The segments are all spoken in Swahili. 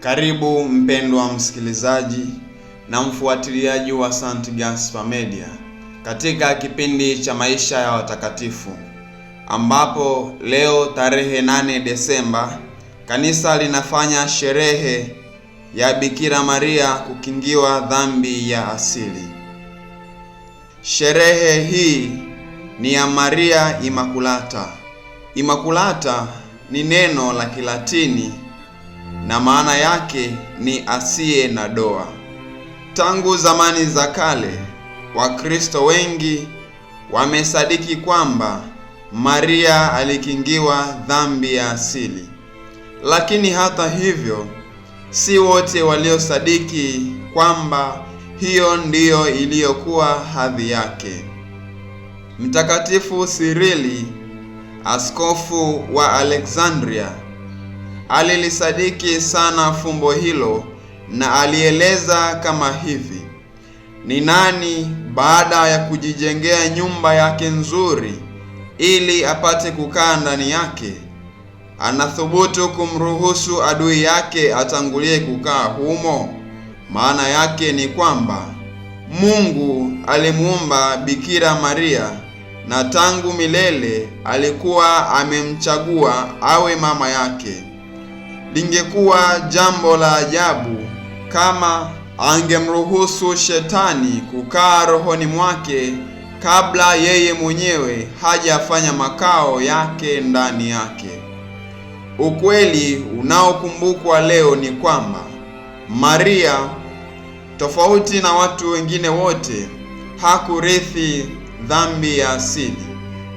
Karibu mpendwa msikilizaji na mfuatiliaji wa St. Gaspar Media katika kipindi cha maisha ya watakatifu, ambapo leo tarehe 8 Desemba kanisa linafanya sherehe ya Bikira Maria kukingiwa dhambi ya asili. Sherehe hii ni ya Maria Imakulata. Imakulata ni neno la Kilatini na maana yake ni asiye na doa. Tangu zamani za kale, Wakristo wengi wamesadiki kwamba Maria alikingiwa dhambi ya asili. Lakini hata hivyo, si wote waliosadiki kwamba hiyo ndiyo iliyokuwa hadhi yake. Mtakatifu Sirili, askofu wa aleksandria alilisadiki sana fumbo hilo na alieleza kama hivi: ni nani baada ya kujijengea nyumba yake nzuri ili apate kukaa ndani yake, anathubutu kumruhusu adui yake atangulie kukaa humo? Maana yake ni kwamba Mungu alimuumba Bikira Maria na tangu milele alikuwa amemchagua awe mama yake lingekuwa jambo la ajabu kama angemruhusu shetani kukaa rohoni mwake kabla yeye mwenyewe hajafanya makao yake ndani yake. Ukweli unaokumbukwa leo ni kwamba Maria, tofauti na watu wengine wote, hakurithi dhambi ya asili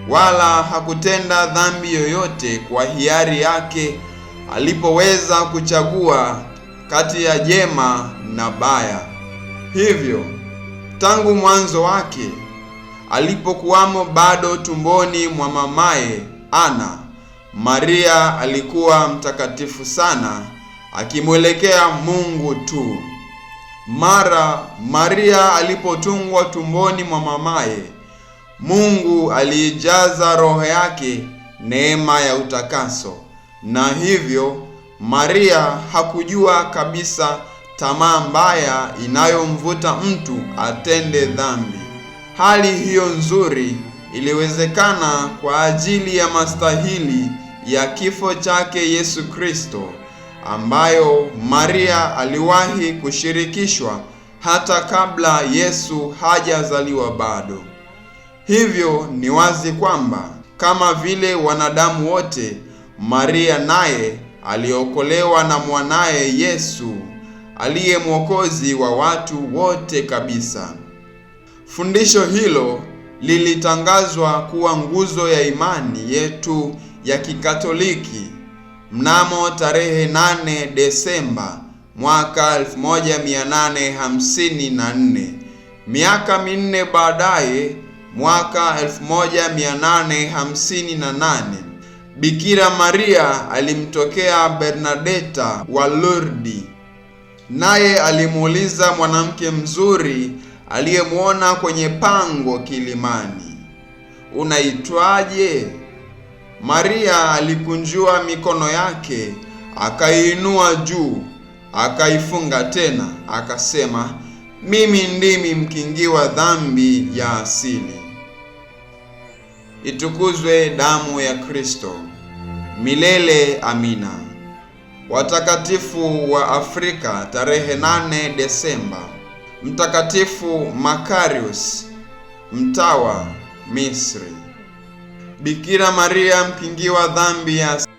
wala hakutenda dhambi yoyote kwa hiari yake alipoweza kuchagua kati ya jema na baya. Hivyo tangu mwanzo wake alipokuwamo bado tumboni mwa mamaye Ana, Maria alikuwa mtakatifu sana akimwelekea Mungu tu. Mara Maria alipotungwa tumboni mwa mamaye, Mungu aliijaza roho yake neema ya utakaso na hivyo Maria hakujua kabisa tamaa mbaya inayomvuta mtu atende dhambi. Hali hiyo nzuri iliwezekana kwa ajili ya mastahili ya kifo chake Yesu Kristo, ambayo Maria aliwahi kushirikishwa hata kabla Yesu hajazaliwa bado. Hivyo ni wazi kwamba kama vile wanadamu wote Maria naye aliokolewa na mwanaye Yesu aliye mwokozi wa watu wote kabisa. Fundisho hilo lilitangazwa kuwa nguzo ya imani yetu ya Kikatoliki mnamo tarehe 8 Desemba mwaka 1854, miaka minne baadaye, mwaka 1858 Bikira Maria alimtokea Bernadeta wa Lurdi, naye alimuuliza mwanamke mzuri aliyemwona kwenye pango kilimani, unaitwaje? Maria alikunjua mikono yake akaiinua juu akaifunga tena, akasema, mimi ndimi mkingiwa dhambi ya asili. Itukuzwe damu ya Kristo! Milele amina. Watakatifu wa Afrika tarehe 8 Desemba: Mtakatifu Makarius, mtawa Misri. Bikira Maria mkingiwa dhambi ya